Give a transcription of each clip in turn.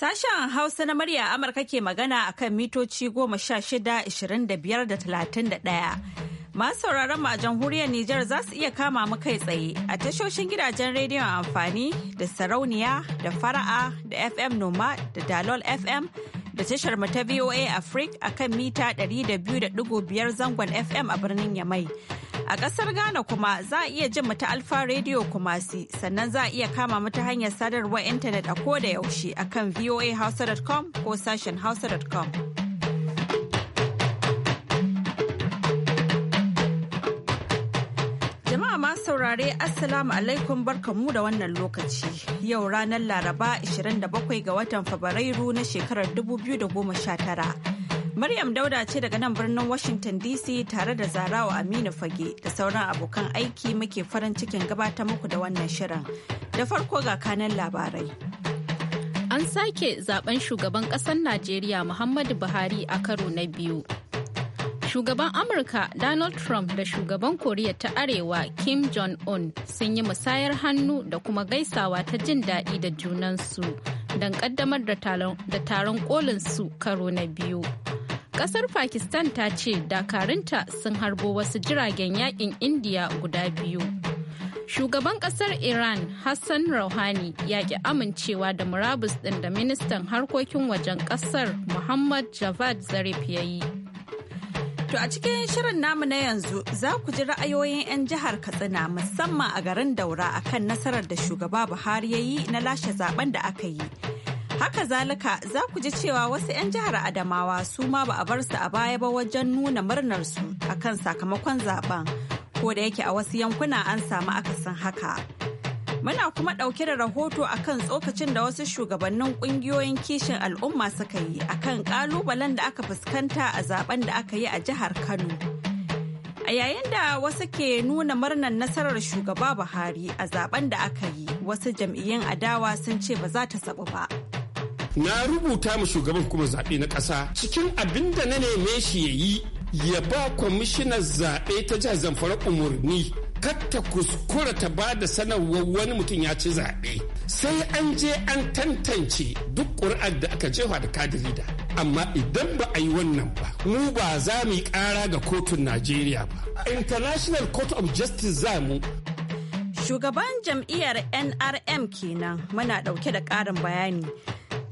Sashen Hausa na murya Amurka ke magana a kan mitoci goma sha shida, ishirin da biyar da talatin da ɗaya. Masu sauraron mu a jamhuriyar Nijar za su iya kama mu kai tsaye a tashoshin gidajen rediyon amfani da sarauniya da fara'a da FM Noma da Dalol FM da tashar mu ta VOA Africa akan mita 200.5 zangon FM a birnin Yamai. A ƙasar Ghana kuma za a iya jin mu ta Alfa Radio Kumasi sannan za a iya kama mu ta hanyar sadarwar intanet a koda yaushe akan voahausa.com ko sashen hausa.com. saurare Assalamu alaikum barkamu da wannan lokaci. Yau ranar Laraba 27 ga watan Fabrairu na shekarar 2019. Maryam Dauda ce daga nan birnin Washington DC tare da Zarawa Aminu Fage da sauran abokan aiki muke farin cikin gabatar muku da wannan shirin. Da farko ga kanan labarai. An sake zaben shugaban ƙasar Najeriya Muhammadu Buhari a karo na biyu. Shugaban Amurka Donald Trump da shugaban Koriya ta Arewa Kim Jong-un sun yi musayar hannu da kuma gaisawa ta jin daɗi da junansu don ƙaddamar da taron kolinsu karo na biyu. Ƙasar Pakistan ta ce dakarunta sun harbo wasu jiragen yakin Indiya guda biyu. shugaban ƙasar iran hassan rouhani ya ki amincewa da murabus ɗin da ministan harkokin wajen ƙasar muhammad javad zarif ya yi To a cikin shirin namu na yanzu za ku ji ra'ayoyin 'yan jihar Katsina musamman a garin Daura akan nasarar da shugaba Buhari ya yi na lashe zaben da aka yi. Haka zalika za ku ji cewa wasu 'yan jihar Adamawa su ma ba a bar su a baya ba wajen nuna murnar murnarsu akan sakamakon zaben. Ko da yake a wasu yankuna an samu akasin haka. Muna kuma ɗauke da rahoto a kan tsokacin da wasu shugabannin ƙungiyoyin kishin al'umma suka yi a kan ƙalubalen da aka fuskanta a zaben da aka yi a jihar Kano. A yayin da wasu ke nuna murnar nasarar shugaba Buhari a zaben da aka yi, wasu jam'iyyun adawa sun ce ba za ta sabu ba. Na rubuta mu shugaban kuma zaɓe na ƙasa cikin abin da na neme shi ya yi ya ba kwamishinan zaɓe ta jihar Zamfara umarni katta kuskura ta ba da sanarwar wani mutum ya ci zaɓe sai an je an tantance duk ƙuri'ar da aka jefa da kadirida amma idan ba a yi wannan ba mu ba za mu yi ƙara ga kotun najeriya ba international court of justice za mu shugaban jam'iyyar nrm kenan muna ɗauke da ƙarin bayani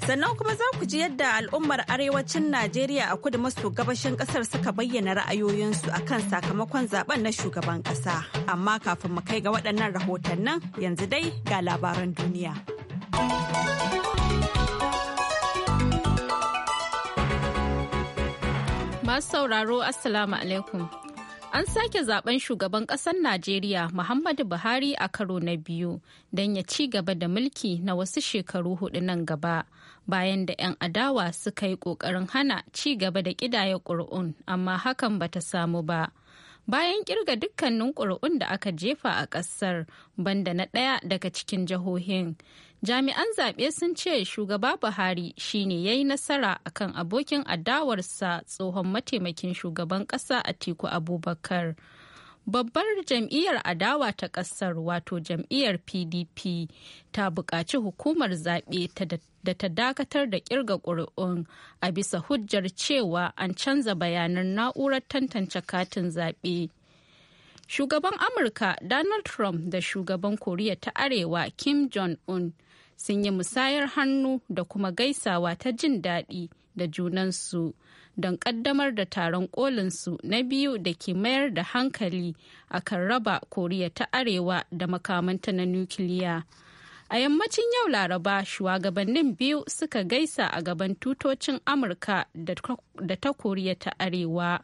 sannan kuma za ku ji yadda al'ummar arewacin najeriya a kudu maso gabashin kasar suka bayyana ra'ayoyinsu a kan sakamakon zaben na shugaban kasa amma kafin mu kai ga waɗannan rahotannin yanzu dai ga labaran duniya masu sauraro assalamu alaikum An sake zaben shugaban ƙasar Najeriya Muhammadu Buhari a karo na biyu don ya ci gaba da mulki na wasu shekaru hudu nan gaba bayan da 'yan adawa suka yi ƙoƙarin hana ci gaba da ƙidaya ƙuri'un amma hakan ba ta samu ba. Bayan kirga dukkanin ƙuri'un da aka jefa a ƙasar banda na ɗaya daga cikin jihohin jami'an zaɓe sun ce shugaba buhari shine ya yi nasara akan abokin adawarsa tsohon mataimakin shugaban ƙasa atiku abubakar babbar jam'iyyar adawa ta ƙasar wato jam'iyyar pdp ta buƙaci hukumar zaɓe da ta dakatar da ƙirga ƙuri'un a bisa hujjar cewa an canza bayanan na'urar tantance katin zaɓe shugaban amurka donald trump da shugaban koriya ta arewa kim jong-un sun yi musayar hannu da kuma gaisawa ta jin daɗi da junansu don ƙaddamar da taron kolinsu na biyu da ke mayar da hankali a kan raba koriya ta arewa da makamanta na nukiliya. A yammacin yau Laraba shugabannin biyu suka gaisa a gaban tutocin Amurka da ta Koriya ta Arewa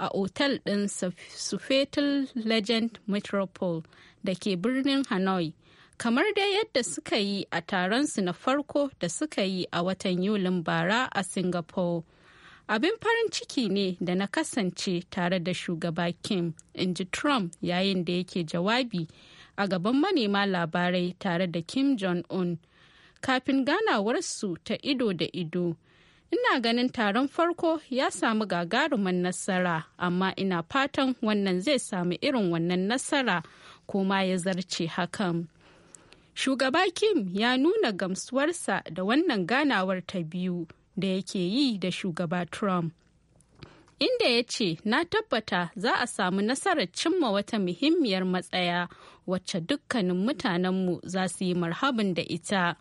a otal ɗin sufetal Legend Metropole da ke birnin Hanoi kamar dai yadda suka yi a taron su na farko da suka yi a watan yulin bara a singapore abin farin ciki ne da na kasance tare da shugaba kim in ji trump yayin da yake jawabi a gaban manema labarai tare da kim jong-un kafin ganawarsu ta ido da ido ina ganin taron farko ya samu gagarumin nasara amma ina fatan wannan zai samu irin wannan nasara ko ma ya zarce hakan shugaba kim ya nuna gamsuwarsa da wannan ganawar ta biyu da yake yi da shugaba trump inda ya ce na tabbata za a samu nasarar cimma wata muhimmiyar matsaya wacce dukkanin mutanenmu za su yi marhabin da ita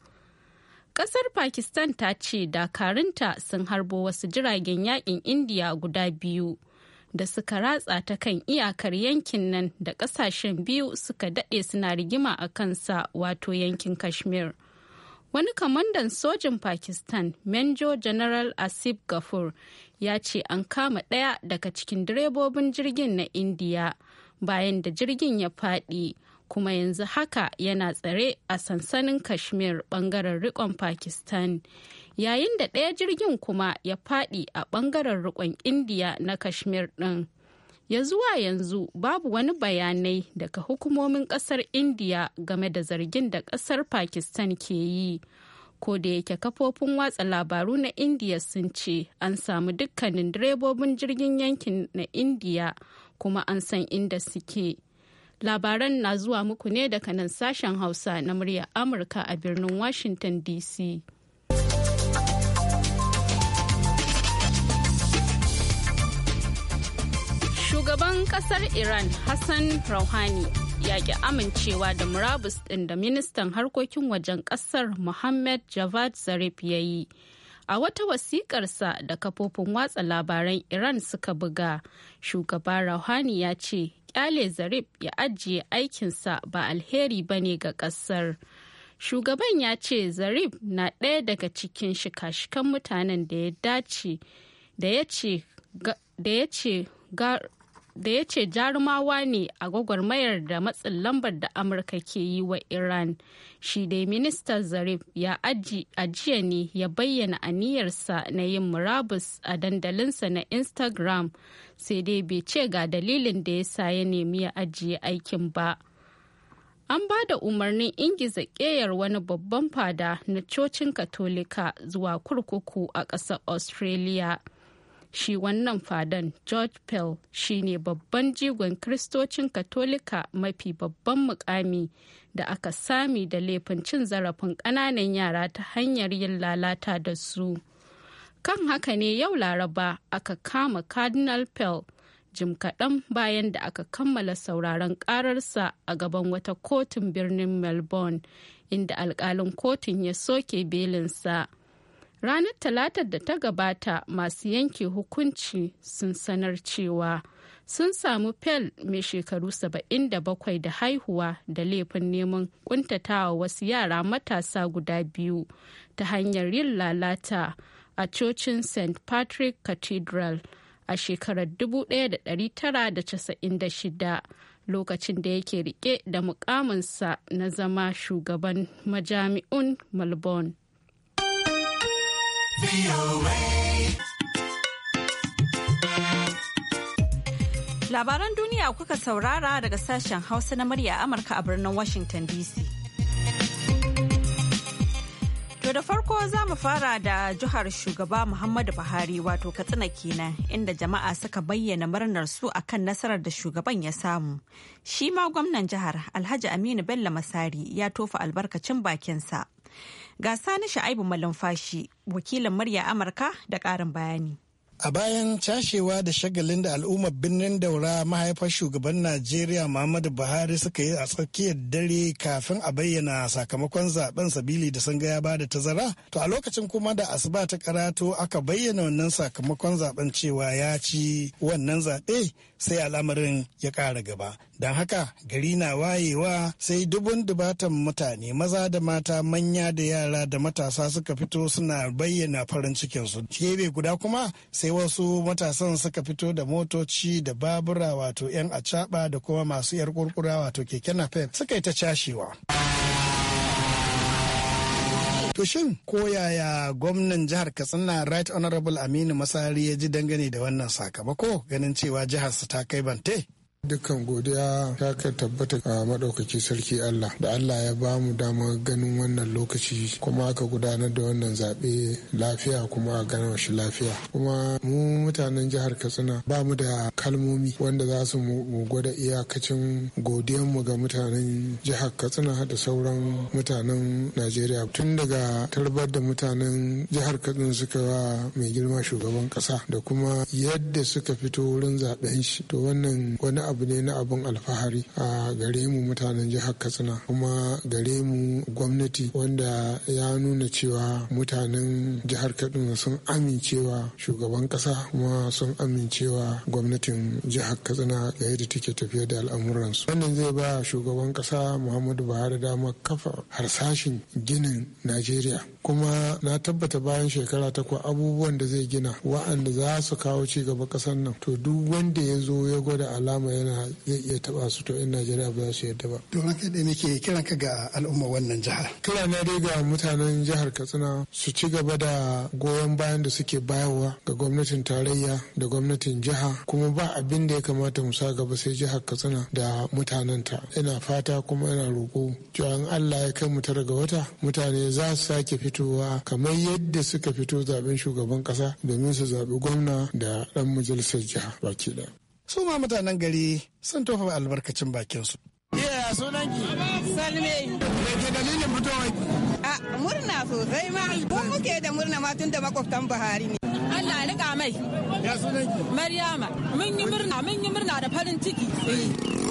Ƙasar pakistan ta ce dakarunta sun harbo wasu jiragen yakin indiya guda biyu da suka ratsa ta kan iyakar yankin nan da kasashen biyu suka daɗe suna rigima a kansa wato yankin kashmir wani kamandan sojin pakistan menjo general asif gafur ya ce an kama ɗaya daga cikin direbobin jirgin na indiya bayan da jirgin ya faɗi kuma yanzu haka yana tsare a sansanin kashmir bangaren rikon pakistan yayin da ɗaya jirgin kuma ya faɗi a ɓangaren rukun indiya na kashmir ɗin ya zuwa yanzu babu wani bayanai daga hukumomin ƙasar indiya game da zargin da ƙasar pakistan ke yi ko da yake kafofin watsa labaru na indiya sun ce an samu dukkanin direbobin jirgin yankin na indiya kuma an san inda suke labaran na zuwa muku ne daga nan sashen hausa na murya amurka a birnin washington dc Shugaban kasar Iran Hassan Rouhani ya ki amincewa da murabus ɗin da ministan harkokin wajen kasar Mohammed Javad Zarif ya yi. A wata wasiƙarsa da kafofin watsa labaran Iran suka buga, shugaba Rouhani ya ce, ƙyale Zarif ya ajiye aikinsa ba alheri ba ne ga kasar Shugaban ya ce Zarif na ɗaya daga cikin shika-shikan mutanen da ya dace da ya ce da ya ce jarumawa ne a gwagwarmayar da matsin lambar da amurka ke yi wa iran shi dai minista zarif ya ajiya ne ya bayyana aniyarsa na yin murabus a dandalinsa na instagram sai dai bai ce ga dalilin da ya sa ya nemi ya ajiye aikin ba an ba da umarnin ingiza keyar wani babban fada na cocin katolika zuwa kurkuku a ƙasar australia shi wannan fadan george pell ne babban jigon kristocin katolika mafi babban mukami da aka sami da laifin cin zarafin ƙananan yara ta hanyar yin lalata da su kan haka ne yau laraba aka kama cardinal pell jim kaɗan bayan da aka kammala sauraron ƙararsa a gaban wata kotun birnin melbourne inda alƙalin kotun ya soke belinsa. ranar talatar da ta gabata masu yanke hukunci sun sanar cewa sun samu pel mai shekaru 77 da haihuwa da laifin neman kuntatawa wasu yara matasa guda biyu ta hanyar yin lalata a cocin st patrick cathedral a shekarar 1996 lokacin da yake rike da mukaminsa na zama shugaban majami'un melbourne Labaran duniya kuka saurara daga sashen Hausa na murya Amurka a birnin Washington DC. To da farko za mu fara da jihar shugaba Muhammadu Buhari wato Katsina kenan inda jama'a suka bayyana murnar su akan nasarar da shugaban ya samu. Shi ma gwamnan jihar Alhaji Aminu Bello Masari ya tofa albarkacin bakinsa. Ga sani Sha'ibu Malumfashi, wakilin murya Amurka da ƙarin bayani. a bayan cashewa da shagalin da al'ummar birnin daura mahaifar shugaban najeriya muhammadu buhari suka yi a tsakiyar dare kafin a bayyana sakamakon zaben sabili da sun ga ya bada tazara to a lokacin kuma da asuba ta karatu, aka bayyana wannan sakamakon zaben cewa ya ci wannan zaɓe sai al'amarin ya ƙara gaba don haka gari na wayewa sai dubun dubatan mutane maza da mata manya da yara da matasa suka fito suna bayyana farin cikinsu guda kuma sai wasu matasan suka fito da motoci da babura wato 'yan acaba da kuma masu 'yar kurkura wato keke napep suka yi ta cashewa. To shin ko yaya gwamnan jihar Katsina Right Honorable Aminu Masari ya ji dangane da wannan sakamako ganin cewa jiharsa ta kai bante? Dukkan godiya ta ka tabbata a maɗaukaki sarki Allah da Allah ya ba mu damar ganin wannan lokaci kuma aka gudanar da wannan zaɓe lafiya kuma a gana shi lafiya. Kuma mu mutanen jihar Katsina ba mu da kalmomi wanda za su mu gwada iyakacin mu ga mutanen jihar Katsina da sauran mutanen Najeriya tun daga tarbar da mutanen jihar Katsina suka wa mai girma shugaban kasa, da kuma yadda suka fito wurin zaɓen shi to wannan wani abu ne na abin alfahari a gare mu mutanen jihar katsina kuma gare mu gwamnati wanda ya nuna cewa mutanen jihar katsina sun amincewa shugaban kasa kuma sun amincewa gwamnatin jihar katsina ga yadda take tafiya da al'amuransu wannan zai ba shugaban kasa muhammadu buhari dama kafa harsashin ginin najeriya kuma na tabbata bayan shekara takwa abubuwan da zai gina wa'anda za su kawo ci gaba kasar nan to duk wanda ya zo ya gwada alama ya magana zai iya taba su to in najeriya ba za su yarda ba to ranka da muke kiran ka ga al'umma wannan jihar kira na dai ga mutanen jihar katsina su ci gaba da goyon bayan da suke bayarwa ga gwamnatin tarayya da gwamnatin jiha kuma ba abin da ya kamata mu sa gaba sai jihar katsina da mutanen ta ina fata kuma ina roƙo cewa in allah ya kai mu tara ga wata mutane za su sake fitowa kamar yadda suka fito zaben shugaban kasa domin su zaɓi gwamna da ɗan majalisar jiha baki ɗaya su ma mutanen gari sun tofa albarkacin bakinsu. Iya sunan ki? Salme. Me ke dalilin fitowar ki? A murna sosai ma. Ko muke da murna ma tun da makwabtan Buhari ne. Allah ya rika mai. Ya sunan ki? Maryama. Mun yi murna mun yi murna da farin ciki. Eh.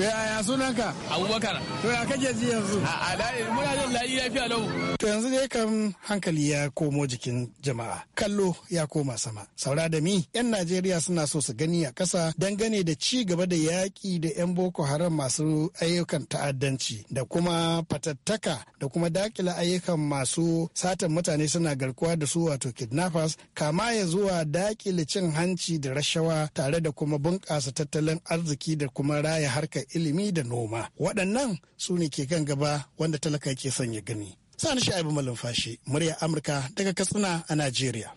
Yaya sunanka? Abubakar. To ya kake ji yanzu? A dai muna jin layi lafiya lau. To yanzu dai kan hankali ya komo jikin jama'a. Kallo ya koma sama. Saura da mi, 'yan Najeriya suna so su gani a ƙasa dangane da ci gaba da yaƙi da 'yan Boko Haram masu ayyukan ta'addanci da kuma fatattaka da kuma dakila ayyukan masu satan mutane suna garkuwa da su wato kidnappers kama ya zuwa dakile cin hanci da rashawa tare da kuma bunƙasa tattalin arziki da kuma raya harkar harkar ilimi da noma waɗannan su ne ke kan gaba wanda talaka ke sanya gani sani sha'ibu malumfashi murya amurka daga katsina a najeriya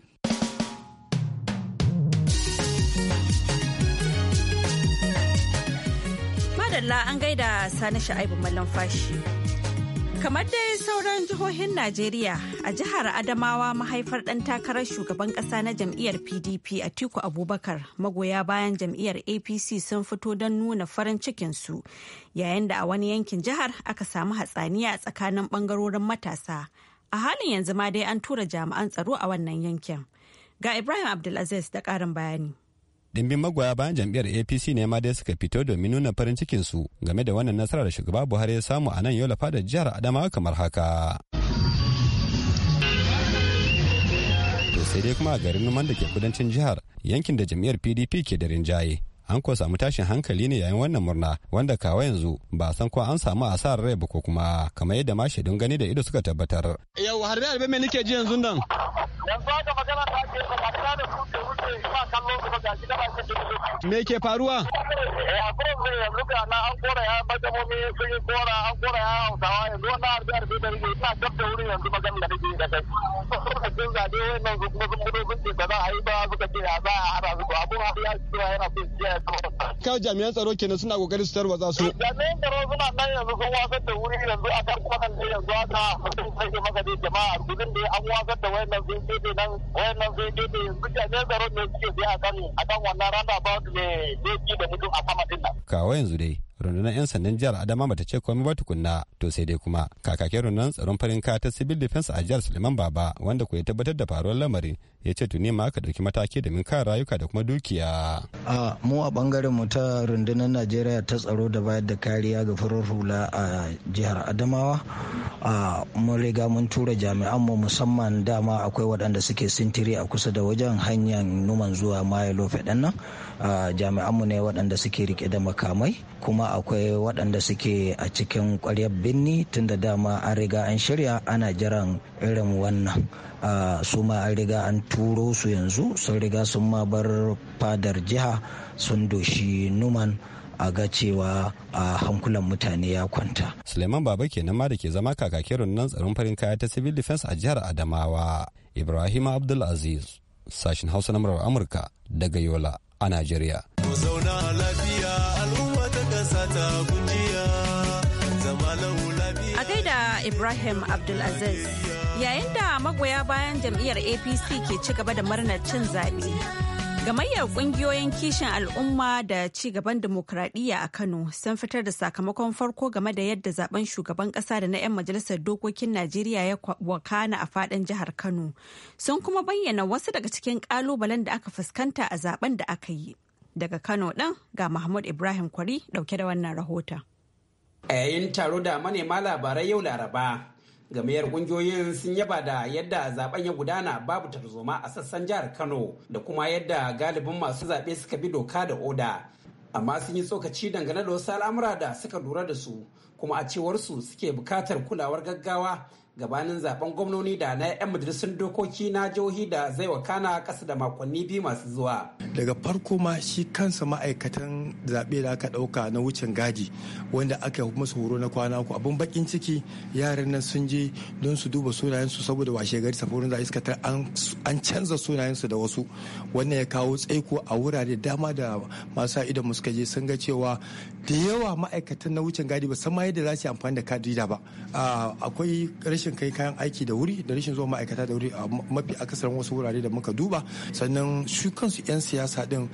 madalla an gaida sani sha'ibu malumfashi Kamar dai sauran jihohin Najeriya a jihar Adamawa mahaifar ɗan takarar shugaban ƙasa na jam'iyyar PDP a Tiku Abubakar magoya bayan jam'iyyar APC sun fito don nuna farin cikinsu yayin da a wani yankin jihar aka samu hatsaniya a tsakanin ɓangarorin matasa. A halin yanzu ma dai an tura jami'an tsaro a wannan yankin. Ga Ibrahim Abdulaziz da ƙarin bayani. Dimbin magoya bayan jam'iyyar APC ne ma dai suka fito domin nuna farin cikin su game da wannan nasara da shugaba Buhari ya samu a nan Yola da jihar Adamawa kamar haka. To sai dai kuma a garin Numan da ke kudancin jihar yankin da jam'iyyar PDP ke da rinjaye. an ko samu tashin hankali ne yayin wannan murna wanda kawo yanzu ba san ko an samu asarar rai ba ko kuma kamar yadda ma shaidun gani da ido suka tabbatar. Yau harbe harbe me nake ji yanzu nan? Yanzu haka magana ta ce ba ta da su ke wuce ba kallon su ba ga shi da ba su Me ke faruwa? Eh kuma sai yanzu ga na an kora ya bajamomi sun yi kora an kora ya hausawa yanzu wannan harbe harbe da rige ina gab da wurin yanzu magana da rige da kai. Sun zaɓe wannan su kuma sun kudo sun ce ba za a yi ba suka ce ya za a hana su ba abun ya ce yana so ya ya Ka jami'an tsaro kenan suna kokarin su tarwatsa su. Jami'an tsaro suna nan yanzu sun wasar da wuri yanzu a kan kuma kan yanzu aka mutum sai ke maka dai jama'a gudun da an wasar da wayannan sun gefe nan wayannan sun gefe yanzu jami'an tsaro ne suke biya a kan wannan kan ba da ne zai da mutum a sama din nan. Kawai yanzu dai rundunar 'yan sandan jihar adama bata ce komai ba tukunna to sai dai kuma kakakin rundunar tsaron farin kaya ta civil defense a jihar suleiman baba wanda ku ya tabbatar da faruwar lamarin ya ce tuni ma aka dauki mataki domin kare rayuka da kuma dukiya. a mu a bangaren mu ta rundunar najeriya ta tsaro da bayar da kariya ga farar hula a jihar adamawa a mun riga mun tura jami'an mu musamman dama akwai waɗanda suke sintiri a kusa da wajen hanyar numan zuwa maye lofe nan jami'an mu ne waɗanda suke rike da makamai kuma kuma akwai waɗanda suke a cikin ƙwaryar birni tunda dama an riga an shirya ana jiran irin wannan su ma an riga an turo su yanzu sun riga sun ma bar fadar jiha sun doshi numan a ga cewa a hankulan mutane ya kwanta. Suleiman Baba kenan ma da ke zama kakakin nan tsaron farin kaya ta civil defense a jihar Adamawa. Ibrahim Abdulaziz, sashin Hausa na Amurka daga Yola a nigeria. Ibrahim Abdulaziz. Yayin da magoya bayan jam'iyyar APC ke ci gaba da murnar cin zaɓe. Gamayyar ƙungiyoyin kishin al'umma da ci gaban dimokuraɗiyya a Kano sun fitar da sakamakon farko game da yadda zaben shugaban ƙasa da na 'yan majalisar dokokin Najeriya ya wakana a faɗin jihar Kano. Sun kuma bayyana wasu daga cikin ƙalubalen da aka fuskanta a zaben da aka yi. Daga Kano ɗin ga Mahmud Ibrahim Kwari ɗauke da wannan rahoton. a yayin taro da manema labarai yau laraba gamayar kungiyoyin sun yaba da yadda zaben ya gudana babu tarzoma a sassan jihar kano da kuma yadda galibin masu zaɓe suka bi doka da oda amma sun yi tsokaci dangane da wasu al'amura da suka lura da su kuma a cewar su suke bukatar kulawar gaggawa gabanin zaben gwamnoni da na 'yan majalisun dokoki na jihohi da zai wakana kasa da makonni biyu masu zuwa. Daga farko ma shi kansa ma'aikatan zabe da aka ɗauka na wucin gadi wanda aka yi musu horo na kwana uku abin bakin ciki yaran nan sun je don su duba sunayensu saboda washe gari safarin za iska tar an canza sunayensu da wasu wannan ya kawo tsaiko a wurare dama da masu idan suka je sun ga cewa da yawa ma'aikatan na wucin gadi ba san ma yadda za su amfani da kadida ba ah, akwai rashin rashin kai kayan aiki da wuri da rashin zuwa ma'aikata da wuri a mafi akasarin wasu wurare da muka duba sannan su kansu 'yan siyasa din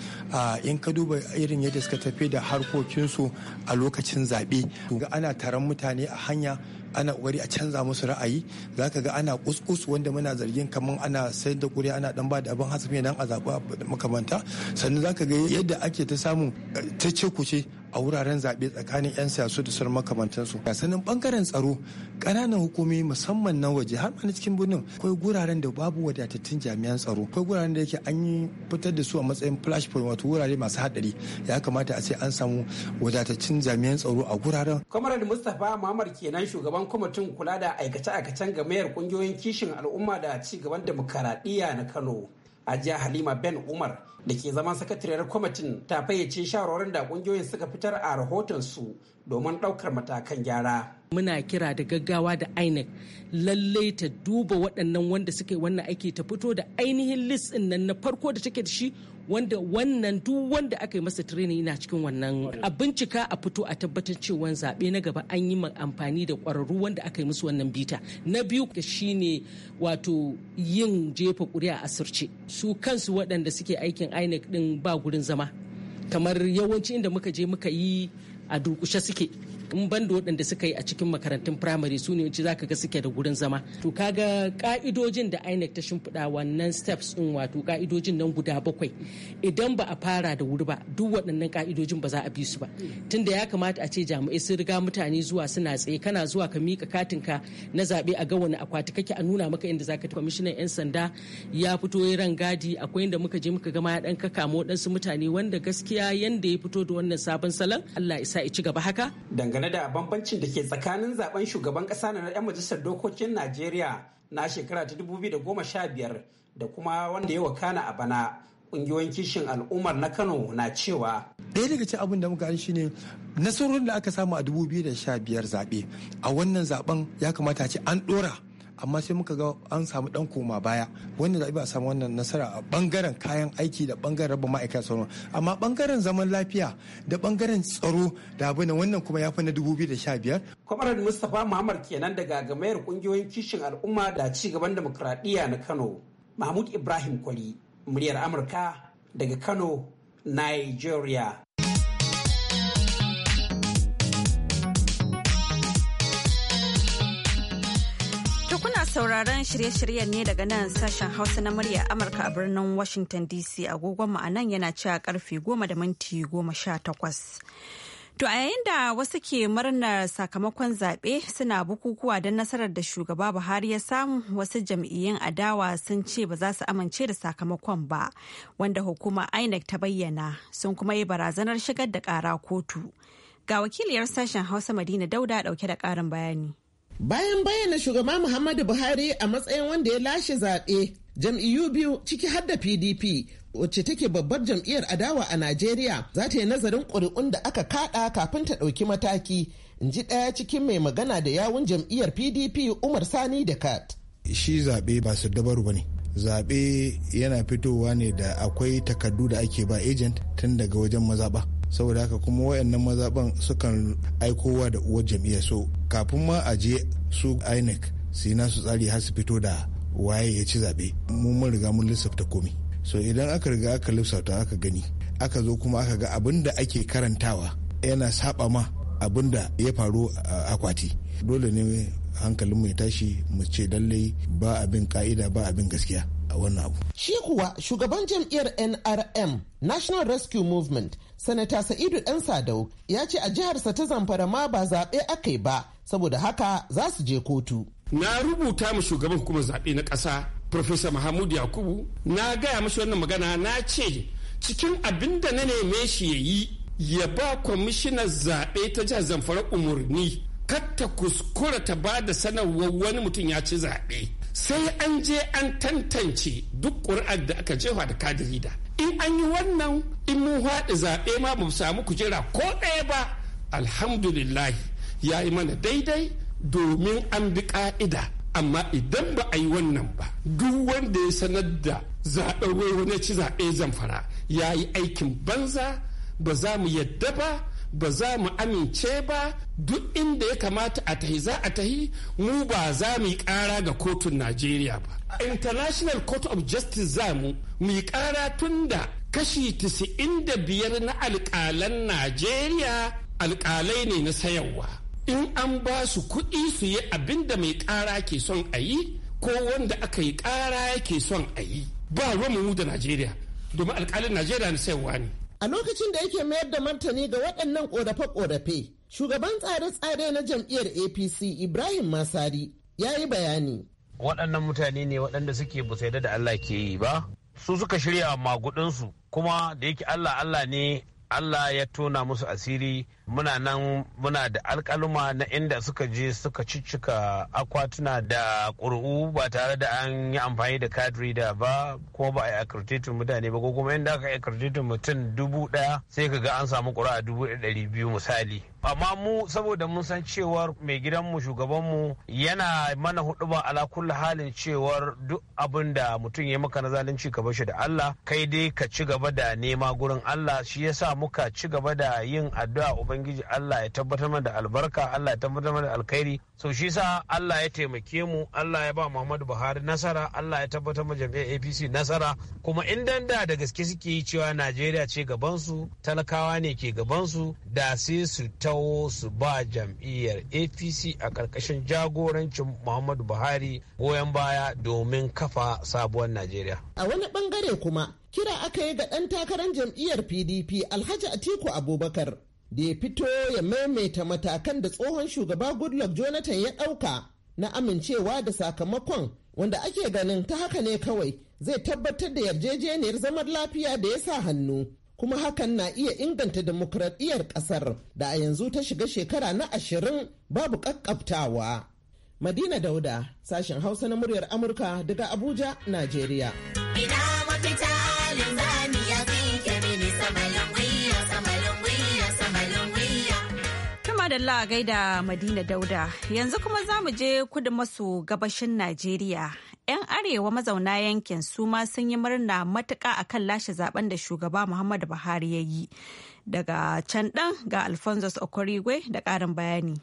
in ka duba irin yadda suka tafi da harkokinsu a lokacin zaɓe ga ana taron mutane a hanya ana kokari a canza musu ra'ayi za ka ga ana kuskus wanda muna zargin kamar ana sayar da kuri ana dan ba da abin hasafi nan a zaɓa makamanta sannan za ka ga yadda ake ta samu eh, ta ce kuce a wuraren zaɓe tsakanin 'yan siyasu da sauran makamantansu sanin ɓangaren tsaro ƙananan hukumi musamman na waje har ma na cikin birnin akwai guraren da babu wadatattun jami'an tsaro akwai guraren da yake an yi fitar da su a matsayin flash point wato wurare masu haɗari ya kamata a ce an samu wadatattun jami'an tsaro a guraren. kwamarar mustapha mamar kenan shugaban kwamitin kula da aikace-aikacen gamayar kungiyoyin kishin al'umma da ci gaban demokaradiyya na kano. jiya Halima Ben Umar da ke zama sakatariyar kwamitin ta fayyace shawarwarin da kungiyoyin suka fitar a rahoton su domin ɗaukar matakan gyara. Muna kira da gaggawa da INEC lallai ta duba waɗannan wanda suka yi wannan aiki ta fito da ainihin list nan na farko da take da shi wanda wannan duk wanda aka yi masa training yana cikin wannan a bincika a fito a tabbatar cewa zaɓe na gaba an yi amfani da ƙwararru wanda aka yi musu wannan bita na biyu shine wato yin jefa ƙuri'a asirce su kansu waɗanda suke aikin inec ɗin ba gurin zama kamar yawanci inda muka je muka yi a durkushe suke in banda waɗanda suka yi a cikin makarantun firamare su ne wacce zaka ga suke da gurin zama to kaga ka'idojin da INEC ta shimfiɗa wannan steps din wato ka'idojin nan guda bakwai idan ba a fara da wuri ba duk waɗannan ka'idojin ba za a bi su ba tunda ya kamata a ce jami'ai sun riga mutane zuwa suna tsaye kana zuwa ka mika katinka na zaɓe a ga wani akwati kake a nuna maka inda zaka kwamishinan 'yan sanda ya fito ya gadi akwai inda muka je muka gama ya kaka kakama waɗansu mutane wanda gaskiya yanda ya fito da wannan sabon salon Allah ya sa ya ci gaba haka dangane da bambancin da ke tsakanin zaben shugaban kasa na 'yan majalisar dokokin najeriya na shekara ta 2015 da kuma wanda ya wakana a bana ƙungiyoyin kishin al'ummar na kano na cewa ɗaya daga cikin abin da muka gani shine nasarorin da aka samu a 2015 zaɓe a wannan zaben ya kamata ce an ɗora amma sai muka ga an samu dan koma baya wanda da ba samu wannan nasara a bangaren kayan aiki da bangaren raba ma'aikata sauran amma bangaren zaman lafiya da bangaren tsaro da abu na wannan kuma ya fi na 2015 kwamarar mustapha muhammad kenan daga gamayar kungiyoyin kishin al'umma da ci gaban demokradiyya na kano mahmud ibrahim kwali muryar amurka daga kano nigeria sauraron shirye-shiryen ne daga nan sashen Hausa na murya Amurka a birnin Washington DC agogon a nan yana ci a karfe goma da minti takwas To a yayin da wasu ke murnar sakamakon zaɓe suna bukukuwa don nasarar da shugaba Buhari ya samu wasu jam'iyyun adawa sun ce ba za su amince da sakamakon ba wanda hukuma INEC ta bayyana sun kuma yi barazanar shigar da kara kotu. Ga wakiliyar sashen Hausa Madina Dauda dauke da ƙarin bayani. Bayan bayyana shugaba Muhammadu Buhari a matsayin wanda ya lashe zaɓe, jam'iyyu biyu ciki har da PDP wacce take babbar jam'iyyar adawa a Najeriya za ta yi nazarin ƙuri'un da aka kaɗa kafin ta ɗauki mataki, in ji ɗaya cikin mai magana da yawun jam'iyyar PDP Umar Sani da Kat. Shi zaɓe ba su dabaru ba ne. Zaɓe yana fitowa ne da akwai takardu da ake ba agent tun daga wajen mazaɓa. saboda haka kuma wayannan mazaban sukan aikowa da uwar jam'iyyar so kafin ma a je su inec su yi nasu tsari har su fito da waye ya ci zaɓe mun riga mun lissafta komi so idan aka riga aka lissafta aka gani aka zo kuma aka ga abin da ake karantawa yana saba ma abin da ya faru a akwati dole ne hankalin mu ya tashi mu ce lallai ba abin ka'ida ba abin gaskiya a wannan abu shi kuwa shugaban jam'iyyar nrm national rescue movement sanata sa'idu dan sadau ya ce a jiharsa ta zamfara ma ba zaɓe aka yi ba saboda haka za su je kotu na rubuta mu shugaban hukumar zaɓe na ƙasa profesa mahamudu yakubu na gaya mashi wannan magana na ce cikin abin da na neme shi ya yi ya ba kwamishinan zaɓe ta jihar zamfara umarni ta kuskura ta ba da sanarwar wani mutum ya ci zaɓe sai an je an tantance duk ƙuri'ar da aka jefa da da in an yi wannan in mun haɗa zaɓe ma mu samu kujera ko ɗaya ba alhamdulillah ya yi mana daidai domin an bi ƙa'ida amma idan ba a yi wannan ba duk wanda ya sanar da zaɓen wani ci zaɓe zamfara ya yi aikin banza ba za mu yadda ba ba za mu amince ba duk inda ya kamata a tahi za a tahi mu ba za mu yi kara ga kotun najeriya ba international court of justice za mu mu yi kara tun da kashi 95 na alkalan najeriya alkalai ne na sayarwa in an ba su kuɗi su yi abin da mai kara ke son a yi ko wanda aka yi kara yake son a yi ba ruwan mu da najeriya domin alkalin najeriya na sayarwa ne A lokacin da yake mayar da martani ga waɗannan ƙorafe-ƙorafe, shugaban tsare-tsare na jam'iyyar APC Ibrahim Masari ya yi bayani. Waɗannan mutane ne waɗanda suke ba da Allah ke yi ba, su suka shirya magudinsu kuma da yake Allah Allah ne Allah ya tona musu asiri muna nan muna da alkaluma na inda suka je suka ciccika akwatuna da ƙuri'u ba tare da an yi amfani da kadri da ba ko ba a yi mutane ba ko kuma inda aka yi mutum dubu ɗaya sai ka ga an samu ƙuri'a dubu ɗari biyu misali amma mu saboda mun san cewar mai gidan gidanmu shugabanmu yana mana huduba ala halin cewar duk abin da mutum ya maka na zalunci ka bar da Allah kai dai ka ci gaba da nema gurin Allah shi yasa muka ci gaba da yin addu'a ubangiji Allah ya tabbatar mana da albarka Allah ya tabbatar mana da alkhairi so shi yasa Allah ya taimake mu Allah ya ba Muhammadu Buhari nasara Allah ya tabbatar mana jami'ar APC nasara kuma in da da gaske suke yi cewa Najeriya ce gabansu talakawa ne ke gabansu da sai su ta kawo su ba jam'iyyar apc a ƙarƙashin jagorancin muhammadu buhari goyon baya domin kafa sabuwar najeriya a wani bangare kuma kira aka yi ga ɗan takarar jam'iyyar pdp alhaji atiku abubakar da ya fito ya maimaita matakan da tsohon shugaba goodluck jonathan ya ɗauka na amincewa da sakamakon wanda ake ganin ta haka ne kawai zai tabbatar da yarjejeniyar zaman lafiya da ya sa hannu kuma hakan na iya inganta demokradiyyar ƙasar da a yanzu ta shiga shekara na ashirin babu ƙaƙƙabtawa. Madina Dauda, sashen Hausa na muryar Amurka daga Abuja, Najeriya. Ina mafita da gaida Madina Dauda, yanzu kuma za mu je kudu maso gabashin Najeriya 'yan arewa mazauna yankin su ma sun yi murna matuka a kan lashe zaben da shugaba muhammadu buhari ya yi daga can ɗan ga alphonsus okorigwe da ƙarin bayani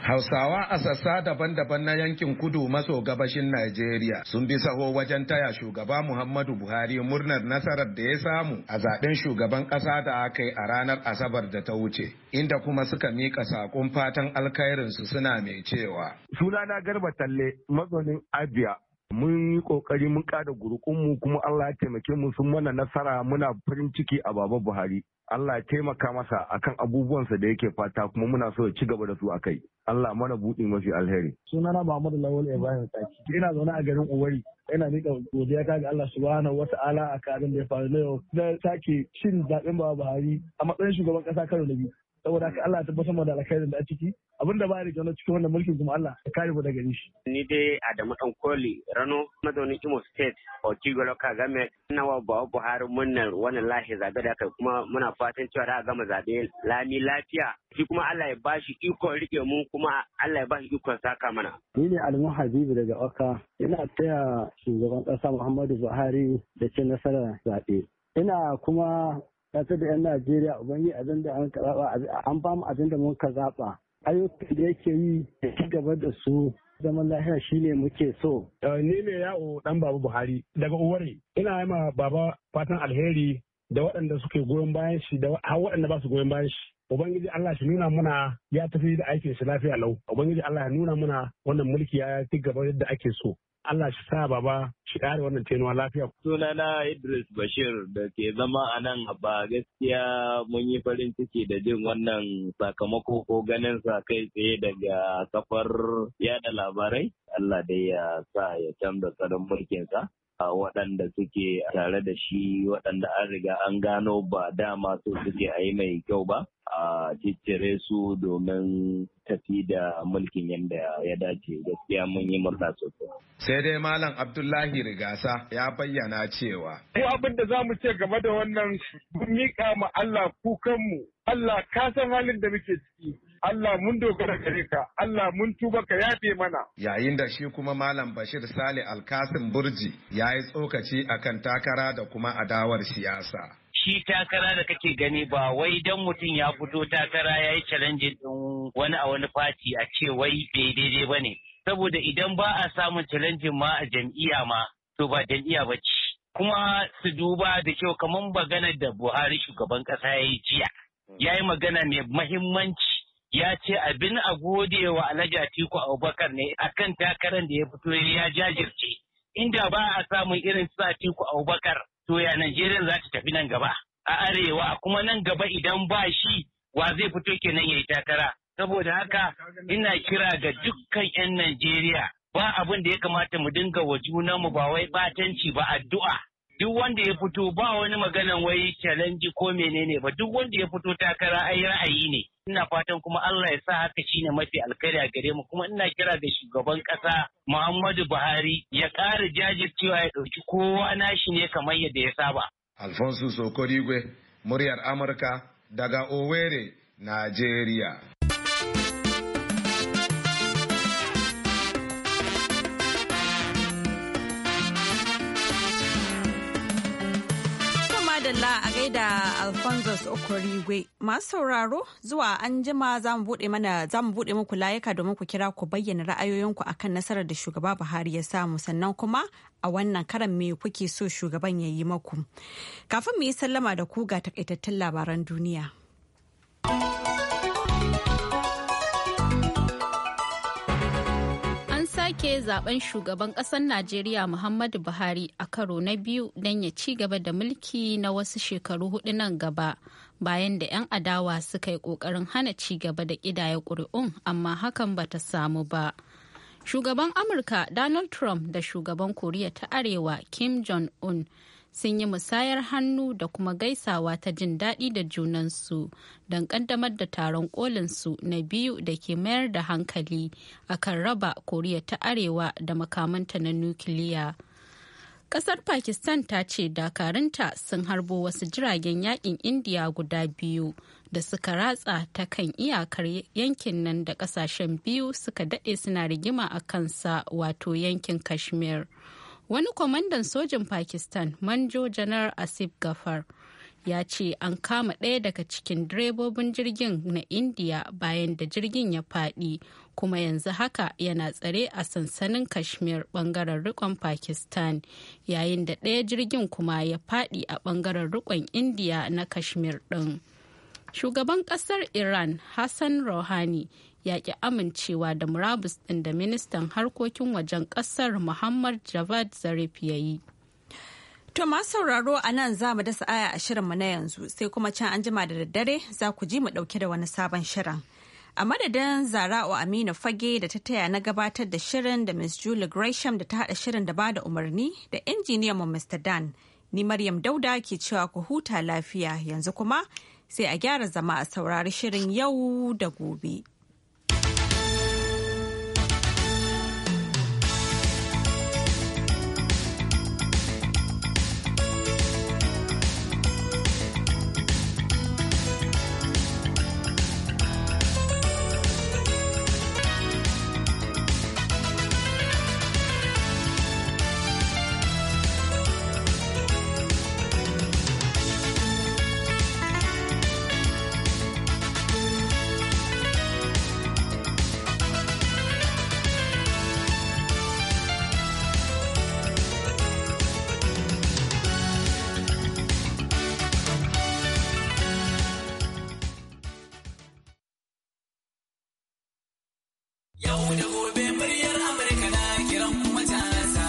Hausawa a sassa daban-daban na yankin kudu maso gabashin Najeriya sun bi saho wajen taya shugaba Muhammadu Buhari murnar nasarar da ya samu a zaɓen shugaban ƙasa da aka yi a ranar Asabar da ta wuce, inda kuma suka mika saƙon fatan alkairinsu suna mai cewa. Suna na Garba Talle, mazaunin Abia, mun yi kokari mun kada mu kuma Allah ya taimake mu sun mana nasara muna farin ciki a baba Buhari Allah ya taimaka masa akan abubuwansa da yake fata kuma muna so ya ci gaba da su akai Allah mana buɗe mafi alheri sunana Muhammadu Lawal Ibrahim Taki ina zaune a garin Uwari ina mika godiya ga Allah subhanahu wata'ala a karin da ya faru na yau na sake cin zaben baba Buhari a matsayin shugaban kasa karo da biyu saboda haka Allah ya tabbatar mu da alkhairin da a ciki abin da ba a rike cikin wannan mulkin kuma Allah ya kare mu daga shi. Ni dai Adamu Dan Koli Rano mazaunin Imo State Otigo Local Game ina wa Bawa Buhari munnan wannan lahi zabe da kai kuma muna fatan cewa za a gama zabe lami lafiya shi kuma Allah ya bashi ikon rike mu kuma Allah ya bashi ikon saka mana. Ni ne Alimu Habibu daga Oka ina taya shugaban ƙasa Muhammadu Buhari da ce nasarar zaɓe. Ina kuma kasa da 'yan Najeriya ubangi a da an karaba an ba mu abin da mun ka zaba ayyukan da yake yi da ci gaba da su zaman lahiya shine muke so. Eh, ni ne yawo dan Babu Buhari daga Uware ina yi ma baba fatan alheri da waɗanda suke goyon bayan shi da waɗanda ba su goyon bayan shi. Ubangiji Allah shi nuna muna ya tafi da aikin shi lafiya lau. Ubangiji Allah ya nuna muna wannan mulki ya ci gaba yadda ake so. Allah shi sa baba shi kare wannan tenuwa lafiya. Sunana Idris Bashir da ke zama a nan ba gaskiya mun yi farin ciki da jin wannan sakamako ko ganin sa kai tsaye daga kafar yada labarai. Allah dai ya sa ya canza tsarin mulkinsa. waɗanda suke tare da shi waɗanda an riga an gano ba dama su suke a yi mai kyau ba a ciccire su domin tafi da mulkin yadda ya dace gaskiya mun yi murna sosai. Sai dai Malam Abdullahi Rigasa ya bayyana cewa. Ko abin da za mu ce game da wannan mun miƙa ma Allah kukanmu Allah ka san halin da muke ciki. Allah mun dogara gare ka Allah mun tuba ka yafe mana yayin da shi kuma malam Bashir Sale Alkasim Burji ya yi tsokaci kan takara da kuma adawar siyasa shi takara da kake gani ba wai don mutum ya fito takara ya yi challenging din wani a wani fati a ce wai bai daidai ba ne saboda idan ba a samun challenging ma a jam'iyya ma to ba jam'iyya ba ce kuma su duba da kyau kamar magana da Buhari shugaban ƙasa ya yi jiya ya yi magana mai mahimmanci ya ce abin a gode wa Alhaji Atiku Abubakar ne akan takarar da ya fito ya jajirce. Inda ba a samun irin su Tiku Abubakar to ya Najeriya za ta tafi nan gaba. A arewa kuma nan gaba idan ba shi wa zai fito kenan ya yi takara. Saboda haka ina kira ga dukkan 'yan Najeriya ba abin da ya kamata mu dinga wa junanmu ba wai batanci ba addu'a. duk wanda ya fito ba wani maganan wai challenge ko menene ba duk wanda ya fito takara ai ra'ayi ne ina fatan kuma Allah ya sa haka shine mafi alkhairi a gare mu kuma ina kira ga shugaban kasa Muhammadu Buhari ya ƙara jajircewa ya ɗauki kowa nashi ne kamar yadda ya saba Alfonso Sokorigwe muryar Amurka daga Owerri Najeriya da Alphonsus Okorigwe. Masu sauraro zuwa an jima za mu bude muku layuka domin ku kira ku bayyana ra'ayoyinku akan nasarar da shugaba Buhari ya samu sannan kuma a wannan karan me kuke so shugaban ya yi maku. Kafin mu yi sallama da ku ga takaitattun labaran duniya. yake zaben shugaban ƙasar Najeriya Muhammadu Buhari a karo na biyu don ya ci gaba da mulki na wasu shekaru hudu nan gaba bayan da 'yan adawa suka yi ƙoƙarin hana ci gaba da ƙidaya ƙuri'un amma hakan bata samu ba. Shugaban Amurka Donald Trump da shugaban Koriya ta Arewa Kim Jong-un sun yi musayar hannu da kuma gaisawa ta jin daɗi da junansu don ƙaddamar da taron kolinsu na biyu da ke mayar da hankali akan raba koriya ta arewa da makamanta na nukiliya. ƙasar Pakistan ta ce dakarunta sun harbo wasu jiragen yakin Indiya guda biyu da suka ratsa ta kan iyakar yankin nan da ƙasashen biyu suka daɗe suna rigima a kansa wato yankin Kashmir. wani kwamandan sojin pakistan manjo janar asif gafar ya ce an kama ɗaya daga cikin direbobin jirgin na indiya bayan da jirgin ya faɗi kuma yanzu haka yana tsare a sansanin kashmir bangaren rikon pakistan yayin da ɗaya jirgin kuma ya faɗi a bangaren rikon indiya na kashmir ɗin shugaban ƙasar iran hassan rouhani ya ki amincewa da murabus ɗin da ministan harkokin wajen ƙasar muhammad javad zarif ya yi To masu sauraro a nan za mu dasa aya a shirinmu na yanzu sai kuma can an jima da daddare za ku ji mu ɗauke da wani sabon shirin. A madadin Zara'u Aminu Fage da ta taya na gabatar da shirin da Miss Julie Gresham da ta haɗa shirin da bada umarni da injiniyan injiniyanmu Mr. Dan. Ni Maryam Dauda ke cewa ku huta lafiya yanzu kuma sai a gyara zama a saurari shirin yau da gobe.